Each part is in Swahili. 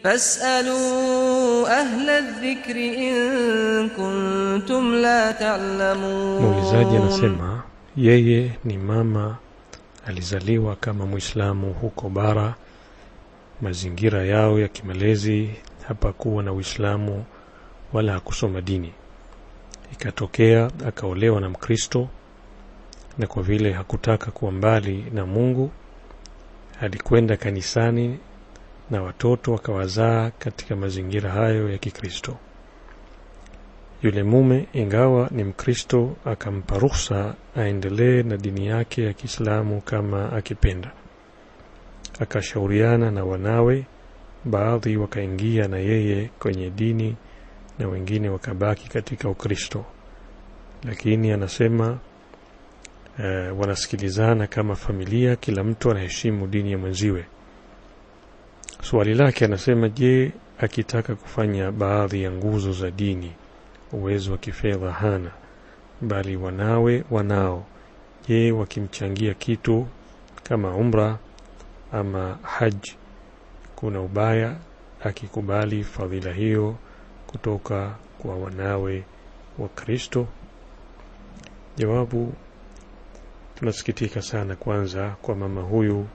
Fas'alu ahla dhikri in kuntum la ta'lamun. Muulizaji anasema yeye ni mama alizaliwa kama Muislamu huko bara, mazingira yao ya kimalezi hapakuwa na Uislamu wala hakusoma dini. Ikatokea akaolewa na Mkristo, na kwa vile hakutaka kuwa mbali na Mungu alikwenda kanisani na watoto wakawazaa katika mazingira hayo ya Kikristo. Yule mume ingawa ni Mkristo akampa ruhusa aendelee na dini yake ya Kiislamu kama akipenda. Akashauriana na wanawe, baadhi wakaingia na yeye kwenye dini na wengine wakabaki katika Ukristo, lakini anasema uh, wanasikilizana kama familia, kila mtu anaheshimu dini ya mwenziwe. Swali lake anasema, je, akitaka kufanya baadhi ya nguzo za dini uwezo wa kifedha hana, bali wanawe wanao. Je, wakimchangia kitu kama umra ama haji, kuna ubaya akikubali fadhila hiyo kutoka kwa wanawe wa Kristo? Jawabu, tunasikitika sana kwanza kwa mama huyu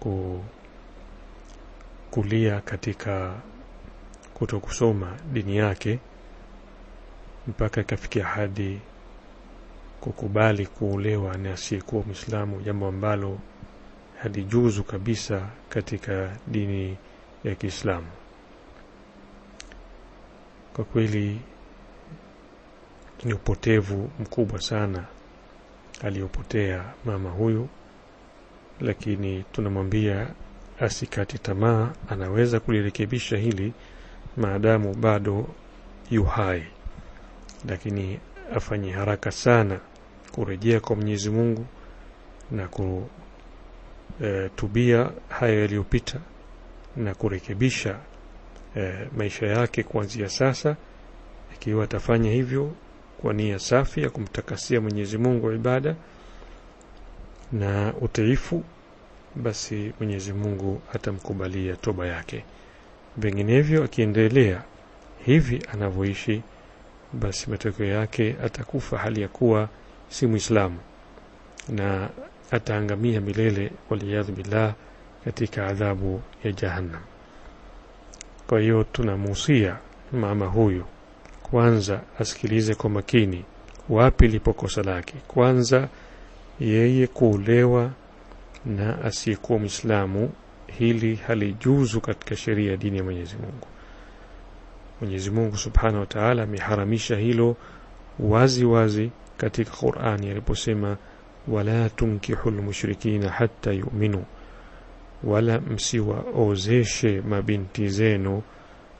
ku kulia katika kutokusoma dini yake mpaka ikafikia hadi kukubali kuolewa na asiyekuwa Mwislamu, jambo ambalo halijuzu kabisa katika dini ya Kiislamu. Kwa kweli ni upotevu mkubwa sana aliyopotea mama huyu, lakini tunamwambia asikati tamaa anaweza kulirekebisha hili maadamu bado yu hai lakini afanye haraka sana kurejea kwa Mwenyezi Mungu na kutubia e, hayo yaliyopita na kurekebisha e, maisha yake kuanzia sasa. Ikiwa atafanya hivyo kwa nia safi ya kumtakasia Mwenyezi Mungu ibada na utiifu basi Mwenyezi Mungu atamkubalia toba yake. Vinginevyo akiendelea hivi anavyoishi, basi matokeo yake atakufa hali ya kuwa si Mwislamu na ataangamia milele, waliyadhu billah, katika adhabu ya Jahannam. Kwa hiyo tunamuhusia mama huyu kwanza asikilize kwa makini wapi lipo kosa lake. Kwanza yeye kuolewa na asiyekuwa mwislamu hili halijuzu katika sheria ya dini ya mwenyezi mungu mwenyezi mungu subhanahu wa taala ameharamisha hilo wazi wazi katika qurani aliposema wala tunkihu lmushrikina hata yuminu wala msiwaozeshe mabinti zenu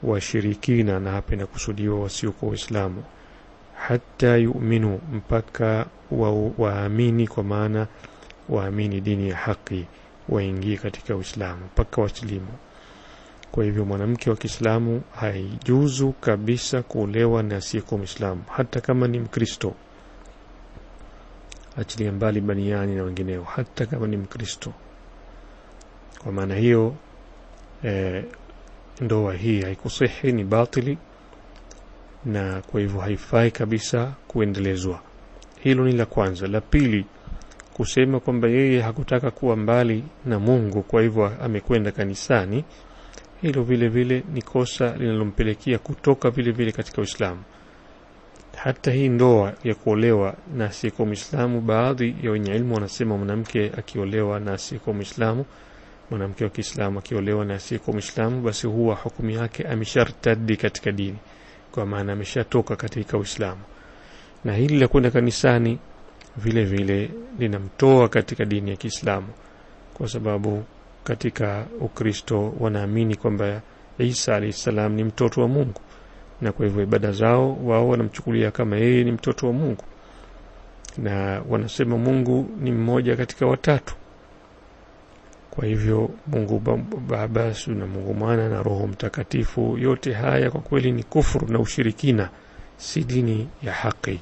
washirikina na hapa inakusudiwa wasiokuwa waislamu hata yuminu mpaka waamini wa kwa maana waamini dini ya haki waingie katika Uislamu mpaka wasilimu. Kwa hivyo mwanamke wa Kiislamu haijuzu kabisa kuolewa na asiyekuwa Mwislamu, hata kama ni Mkristo, achilia mbali Baniani na wengineo, hata kama ni Mkristo. Kwa maana hiyo e, ndoa hii haikusihi, ni batili, na kwa hivyo haifai kabisa kuendelezwa. Hilo ni la kwanza. La pili kusema kwamba yeye hakutaka kuwa mbali na Mungu, kwa hivyo amekwenda kanisani. Hilo vile vile ni kosa linalompelekea kutoka vile vile katika Uislamu. Hata hii ndoa ya kuolewa na asiyekuwa Mwislamu, baadhi ya wenye elimu wanasema mwanamke akiolewa na asiyekuwa Muislamu mwanamke wa Kiislamu akiolewa na asiyekuwa Muislamu basi huwa hukumu yake ameshartadi katika dini, kwa maana ameshatoka katika Uislamu. Na hili la kwenda kanisani vile vile linamtoa katika dini ya Kiislamu kwa sababu katika Ukristo wanaamini kwamba Isa alayhisalam ni mtoto wa Mungu na kwa hivyo ibada zao wao wanamchukulia kama yeye ni mtoto wa Mungu na wanasema Mungu ni mmoja katika watatu kwa hivyo Mungu Baba na Mungu Mwana na Roho Mtakatifu yote haya kwa kweli ni kufuru na ushirikina si dini ya haki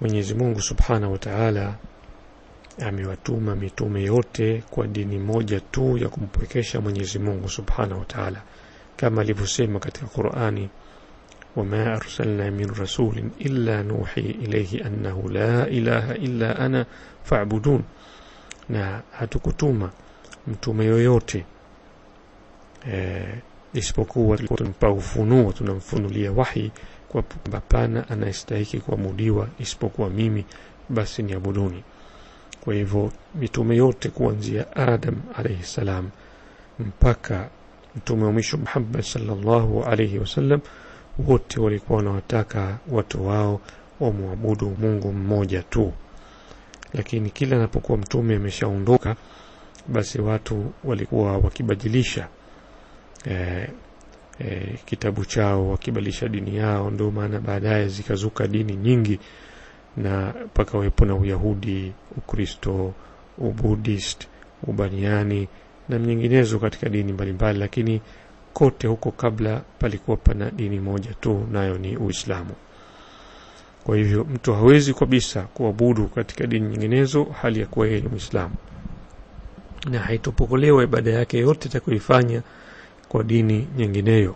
Mwenyezi Mungu Subhanahu wa Ta'ala amewatuma mitume yote kwa dini moja tu ya kumpwekesha Mwenyezi Mungu Subhanahu wa Ta'ala kama alivyosema katika Qur'ani wama arsalna min rasulin illa nuhi ilayhi annahu la ilaha illa ana fa'budun na hatukutuma mtume yoyote e, isipokuwa tunampa ufunuo tunamfunulia wahi kwa hapana anayestahiki kuabudiwa isipokuwa mimi, basi niabuduni. Kwa hivyo mitume yote kuanzia Adam alayhi salam mpaka mtume wa mwisho Muhammad sallallahu alayhi wasallam, wote walikuwa wanawataka watu wao wamwabudu Mungu mmoja tu, lakini kila anapokuwa mtume ameshaondoka, basi watu walikuwa wakibadilisha eh, e, kitabu chao wakibadilisha dini yao ndio maana baadaye zikazuka dini nyingi na pakawepo na uyahudi ukristo ubudist ubaniani na nyinginezo katika dini mbalimbali lakini kote huko kabla palikuwa pana dini moja tu nayo ni uislamu kwa hivyo mtu hawezi kabisa kuabudu katika dini nyinginezo hali ya kuwa yeye ni mwislamu na haitopokolewa ibada yake yote atakuifanya kwa dini nyingineyo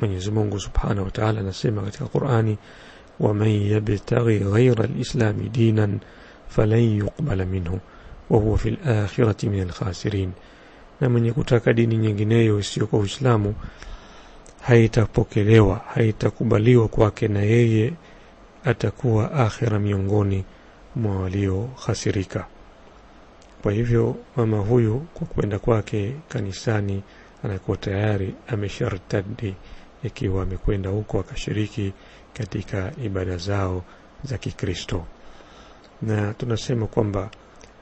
Mwenyezi Mungu Subhanahu wa Ta'ala anasema katika Qur'ani waman yabtaghi ghayra al dinan falan yuqbala minhu wa huwa fil akhirati min al-khasirin na mwenye kutaka dini nyingineyo kwa Uislamu haitapokelewa haitakubaliwa kwake na yeye atakuwa akhira miongoni mwa waliohasirika kwa hivyo mama huyu kwa kwenda kwake kanisani anakuwa tayari ameshartadi ikiwa amekwenda huko akashiriki katika ibada zao za Kikristo. Na tunasema kwamba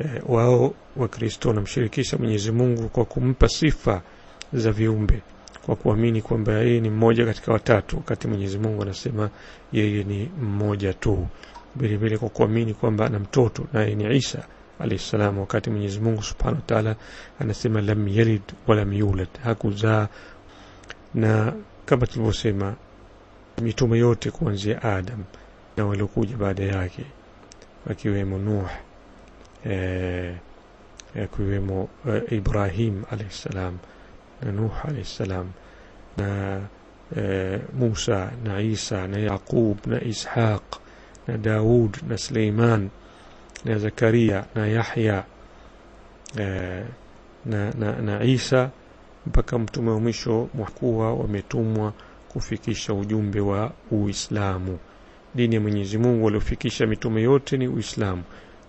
e, wao Wakristo wanamshirikisha Mwenyezi Mungu kwa kumpa sifa za viumbe kwa kuamini kwamba yeye ni mmoja katika watatu, wakati Mwenyezi Mungu anasema yeye ni mmoja tu, vilevile kwa kuamini kwamba ana mtoto naye ni Isa alaihi salam wakati Mwenyezi Mungu Subhanahu wa Ta'ala anasema lam yalid wa lam yulad hakuzaa na kama tulivyosema mitume yote kuanzia Adam na waliokuja baada yake wakiwemo Nuh eh, akiwemo eh, Ibrahim alayhi salam na Nuh alayhi salam na eh, Musa na Isa na Yaqub na Ishaq na Daud na Suleiman na Zakaria na Yahya eh, na, na, na Isa mpaka mtume wa mwisho mwakuwa wametumwa kufikisha ujumbe wa Uislamu. Dini ya Mwenyezi Mungu waliofikisha mitume yote ni Uislamu,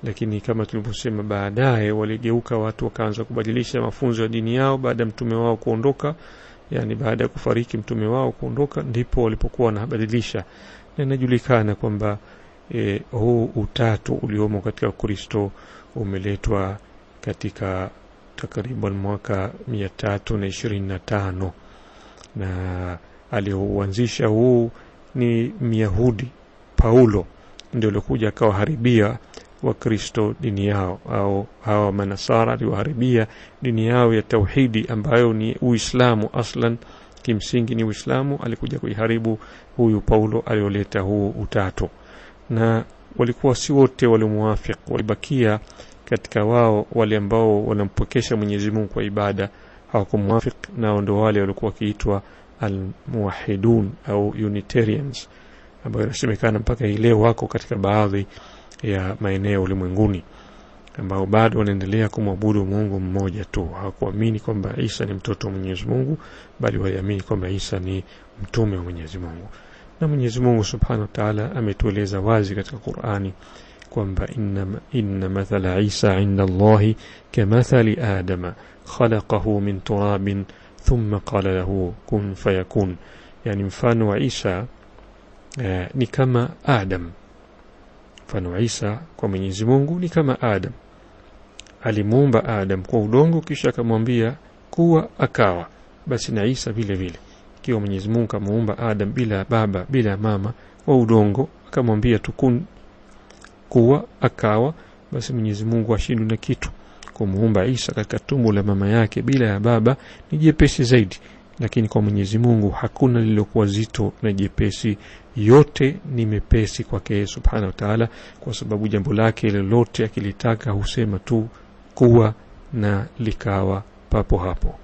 lakini kama tulivyosema, baadaye waligeuka watu wakaanza kubadilisha mafunzo ya dini yao baada ya mtume wao kuondoka, yani baada ya kufariki mtume wao kuondoka, ndipo walipokuwa wanabadilisha, na inajulikana kwamba e, huu utatu uliomo katika Ukristo umeletwa katika takriban mwaka mia tatu na ishirini na tano na aliouanzisha huu ni Myahudi Paulo ndio aliokuja akawaharibia Wakristo dini yao au hawa manasara aliwaharibia dini yao ya tauhidi ambayo ni Uislamu aslan kimsingi ni Uislamu alikuja kuiharibu huyu Paulo alioleta huu utatu na walikuwa si wote walimuwafik walibakia katika wao wale ambao wanampokesha Mwenyezi Mungu kwa ibada hawakumwafiq nao ndio wale walikuwa wakiitwa almuwahidun au unitarians ambayo inasemekana mpaka hii leo wako katika baadhi ya maeneo ulimwenguni ambao bado wanaendelea kumwabudu Mungu mmoja tu. Hawakuamini kwamba Isa ni mtoto wa Mwenyezi Mungu, bali waliamini kwamba Isa ni mtume wa Mwenyezi Mungu na Mwenyezi Mungu Subhanahu wa Ta'ala ametueleza wazi katika Qur'ani kwamba inna, mathala Isa inda Allahi kamathali Adama khalaqahu min turabin thumma qala lahu kun fayakun, yani mfano wa Isa eh, ni kama Adam. Mfano wa Isa kwa Mwenyezi Mungu ni kama Adam, alimuumba Adam kwa udongo, kisha akamwambia kuwa akawa. Basi na Isa vile vile akiwa Mwenyezi Mungu amuumba Adam bila baba bila mama wa udongo akamwambia tukun kuwa akawa basi Mwenyezi Mungu ashindwe na kitu kumuumba Isa katika tumbo la mama yake bila ya baba ni jepesi zaidi lakini kwa Mwenyezi Mungu hakuna lililokuwa zito na jepesi yote ni mepesi kwake yeye wataala wa ta'ala kwa sababu jambo lake lolote akilitaka husema tu kuwa na likawa papo hapo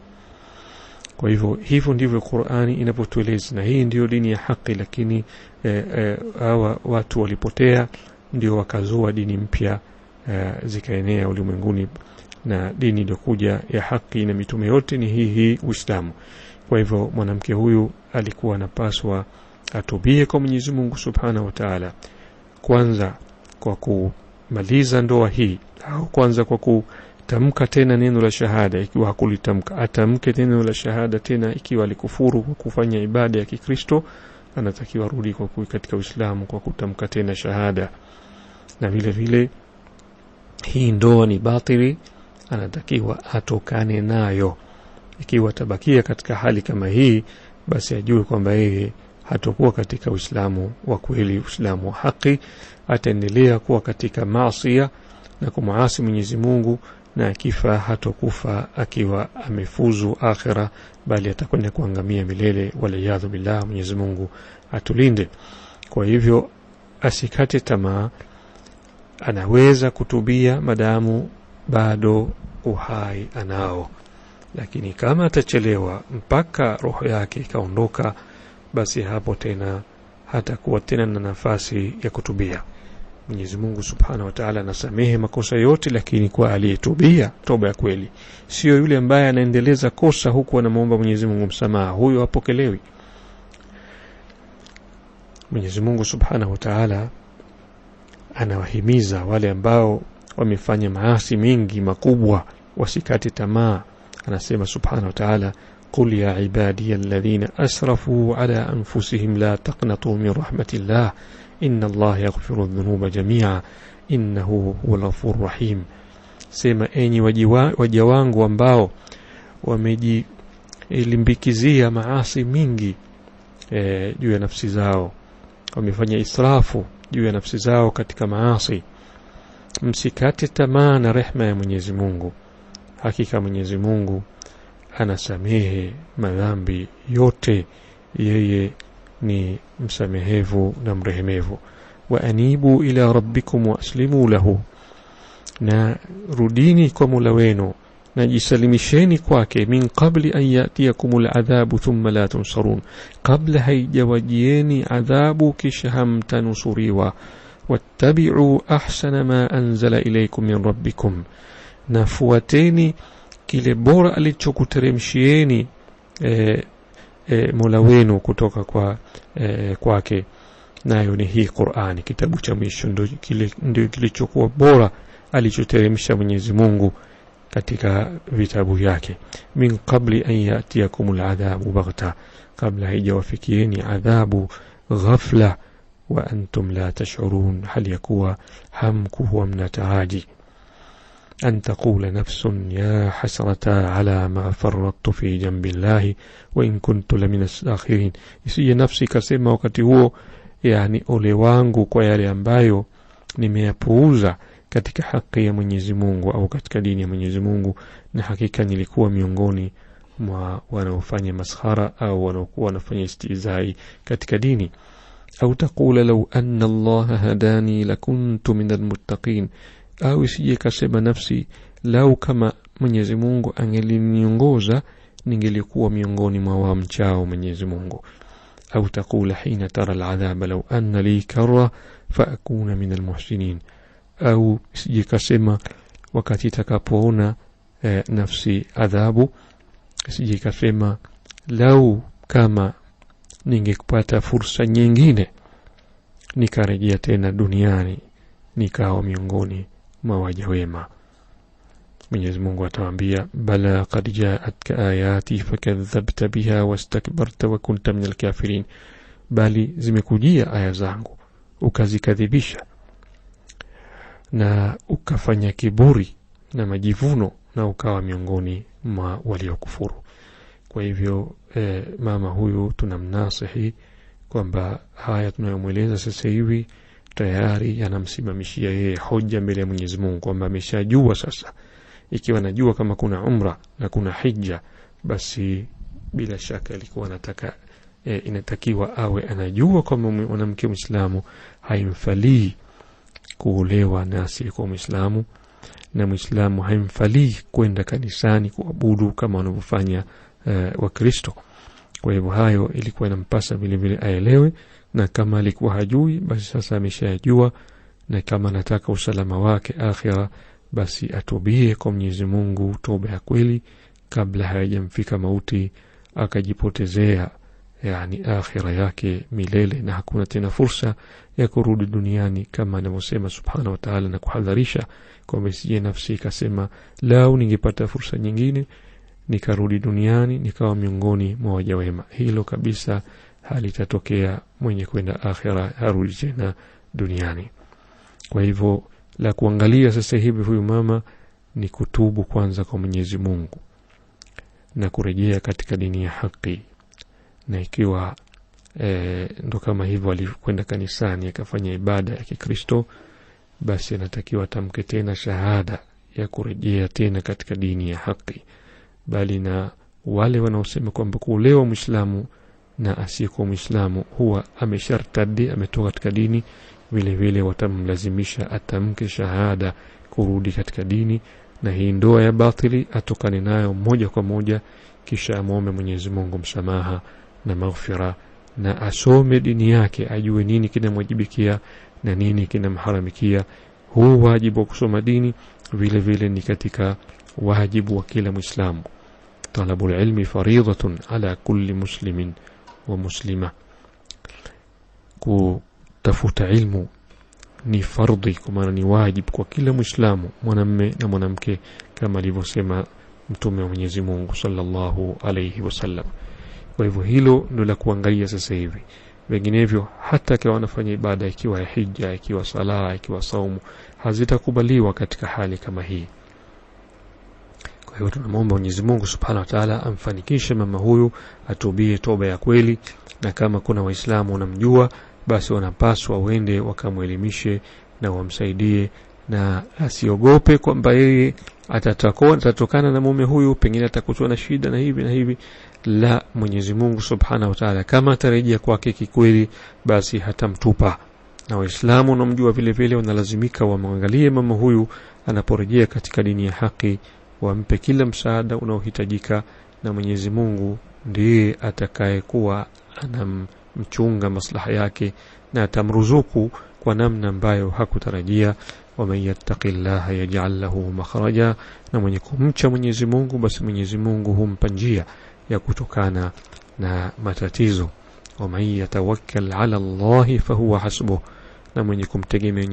kwa hivyo hivyo ndivyo Qur'ani inapotueleza, na hii ndiyo dini ya haki, lakini e, e, hawa watu walipotea, ndio wakazua dini mpya e, zikaenea ulimwenguni, na dini iliyokuja ya haki na mitume yote ni hii hii Uislamu. Kwa hivyo mwanamke huyu alikuwa anapaswa atubie kwa Mwenyezi Mungu Subhanahu wa Ta'ala, kwanza kwa kumaliza ndoa hii au kwanza kwa ku tamka tena neno la shahada ikiwa hakulitamka atamke tena neno la shahada tena ikiwa alikufuru kwa kufanya ibada ya Kikristo anatakiwa rudi kwa kui katika Uislamu kwa kutamka tena shahada na vile vile hii ndoa ni batili anatakiwa atokane nayo ikiwa tabakia katika hali kama hii basi ajue kwamba yeye hatakuwa katika Uislamu wa kweli Uislamu wa haki ataendelea kuwa katika masia na kumuasi Mwenyezi Mungu na akifa hatokufa akiwa amefuzu akhira bali atakwenda kuangamia milele waliyadhu billah Mwenyezi Mungu atulinde kwa hivyo asikate tamaa anaweza kutubia madamu bado uhai anao lakini kama atachelewa mpaka roho yake ikaondoka basi hapo tena hatakuwa tena na nafasi ya kutubia Mwenyezi Mungu Subhanahu wa Ta'ala anasamehe makosa yote, lakini kwa aliyetubia toba ya kweli, sio yule ambaye anaendeleza kosa huku anamwomba Mwenyezi Mungu msamaha, huyo hapokelewi. Mwenyezi Mungu Subhanahu wa Ta'ala anawahimiza wale ambao wamefanya maasi mengi makubwa wasikate tamaa. Anasema Subhanahu wa Ta'ala, قل يا عبادي الذين أسرفوا على أنفسهم لا تقنطوا من رحمة الله إن الله يغفر الذنوب جميعا innahu huwa ghafur rahim sema enyi waja wangu ambao wamejilimbikizia maasi mingi e, juu ya nafsi zao wamefanya israfu juu ya nafsi zao katika maasi msikate tamaa na rehma ya Mwenyezi Mungu hakika Mwenyezi Mungu anasamehe madhambi yote yeye ni msamehevu na mrehemevu wa anibu ila rabbikum waslimu lahu na rudini kwa mula wenu na jisalimisheni kwake min qabli an yatiakum aladhabu thumma la tunsarun kabla haijawajieni adhabu kisha hamtanusuriwa wattabi'u ahsana ma anzala ilaykum min rabbikum nafuateni kile bora alichokuteremshieni e, e, Mola wenu kutoka kwa e, kwake nayo ni hii Qur'ani kitabu cha mwisho ndio kile ndio kilichokuwa bora alichoteremsha Mwenyezi Mungu katika vitabu vyake min qabli an yatiyakum adhabu baghta kabla haijawafikieni adhabu ghafla wa antum la tash'urun hali ya kuwa mnataraji أن تقول نفس يا حسرة على ما فرطت في جنب الله وإن كنت لمن الساخرين isije nafsi ikasema wakati huo yani ole wangu kwa yale ambayo nimeyapuuza katika haki ya Mwenyezi Mungu au katika dini ya Mwenyezi Mungu na hakika nilikuwa miongoni mwa wanaofanya maskhara au wanaokuwa wanafanya istizai katika dini au taqula law anna Allah hadani lakuntu minal muttaqin au isije kasema nafsi lau kama Mwenyezi Mungu angeliniongoza ningelikuwa miongoni mwa wamchao Mwenyezi Mungu au takula hina tara ladhaba lau anna li karra faakuna min almuhsinin au isije kasema wakati itakapoona eh, nafsi adhabu isije kasema lau kama ningekupata fursa nyingine nikarejea tena duniani nikawa miongoni mwa waja wema Mwenyezi Mungu atawaambia bala qad jaatka ayati fakadhabta biha wastakbarta wa kunta minal kafirin, bali zimekujia aya zangu ukazikadhibisha na ukafanya kiburi na majivuno na ukawa miongoni mwa waliokufuru. Kwa hivyo eh, mama huyu tunamnasihi kwamba haya tunayomweleza sasa hivi tayari anamsimamishia yeye hoja mbele ya Mwenyezi Mungu kwamba ameshajua sasa. Ikiwa najua kama kuna umra na kuna hija, basi bila shaka alikuwa anataka e, inatakiwa awe anajua kwamba mwanamke Mwislamu haimfalii kuolewa na asiyekuwa Mwislamu na Mwislamu haimfalii kwenda kanisani kuabudu kama wanavyofanya e, Wakristo. Kwa hivyo hayo ilikuwa inampasa vilevile aelewe na kama alikuwa hajui basi sasa ameshajua na kama anataka usalama wake akhira basi atubie kwa Mwenyezi Mungu toba ya kweli kabla hayajamfika mauti akajipotezea yani akhira yake milele na hakuna tena fursa ya kurudi duniani kama anavyosema subhanahu wa ta'ala na kuhadharisha kwamba sije nafsi ikasema lau ningepata fursa nyingine nikarudi duniani nikawa miongoni mwa wajawema hilo kabisa halitatokea mwenye kwenda akhira harudi tena duniani kwa hivyo la kuangalia sasa hivi huyu mama ni kutubu kwanza kwa Mwenyezi Mungu na kurejea katika dini ya haki na ikiwa e, ndo kama hivyo alikwenda kanisani akafanya ibada ya Kikristo basi anatakiwa tamke tena shahada ya kurejea tena katika dini ya haki bali na wale wanaosema kwamba kuolewa Mwislamu na asiyekuwa Muislamu huwa ameshartadi ametoka katika dini, vile vile watamlazimisha atamke shahada kurudi katika dini, na hii ndoa ya batili atokane nayo moja kwa moja, kisha amwombe Mwenyezi Mungu msamaha na maghfira, na asome dini yake, ajue nini kinamwajibikia na nini kinamharamikia. Huu wajibu wa kusoma dini vile vile ni katika wajibu wa kila Muislamu. Talabul ilmi faridhatun ala kulli muslimin wa muslima kutafuta ilmu ni fardhi kwa maana ni wajib kwa kila muislamu mwanamme na mwanamke kama alivyosema mtume wa Mwenyezi Mungu sallallahu alayhi wasallam kwa hivyo hilo ndio la kuangalia sasa hivi vinginevyo hata akiwa wanafanya ibada ikiwa ya hija ikiwa salaa ikiwa saumu hazitakubaliwa katika hali kama hii kwa hiyo tunamwomba Mwenyezi Mungu Subhanahu wa Ta'ala amfanikishe mama huyu atubie toba ya kweli, na kama kuna Waislamu wanamjua basi wanapaswa waende wakamwelimishe na wamsaidie, na asiogope kwamba yeye atatokana na mume huyu, pengine atakutwa na shida na hivi na hivi. La, Mwenyezi Mungu Subhanahu wa Ta'ala kama atarejea kwake kikweli, basi hatamtupa na Waislamu wanamjua vile vile wanalazimika wamwangalie mama huyu anaporejea katika dini ya haki wampe kila msaada unaohitajika na Mwenyezi Mungu ndiye atakayekuwa anamchunga maslaha yake na atamruzuku kwa namna ambayo hakutarajia waman yattaqillaha yaj'al lahu makhraja na mwenye kumcha Mwenyezi Mungu basi Mwenyezi Mungu humpa njia ya kutokana na matatizo waman yatawakkal 'ala llahi fahuwa hasbuh na mwenye kumtegemea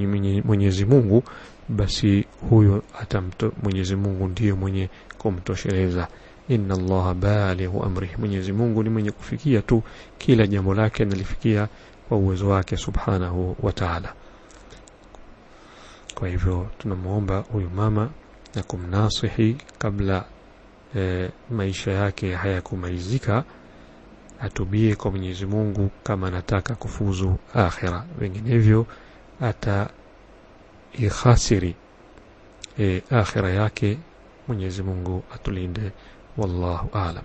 Mwenyezi Mungu basi huyo atamto Mwenyezi Mungu ndiye mwenye kumtosheleza inna allaha balighu amri Mwenyezi Mungu ni mwenye kufikia tu kila jambo lake analifikia kwa uwezo wake subhanahu wa ta'ala kwa hivyo tunamuomba huyu mama na kumnasihi kabla e, maisha yake hayakumalizika atubie kwa Mwenyezi Mungu kama anataka kufuzu akhira vinginevyo ata ihasiri e, akhira yake mwenyezi mungu atulinde wallahu alam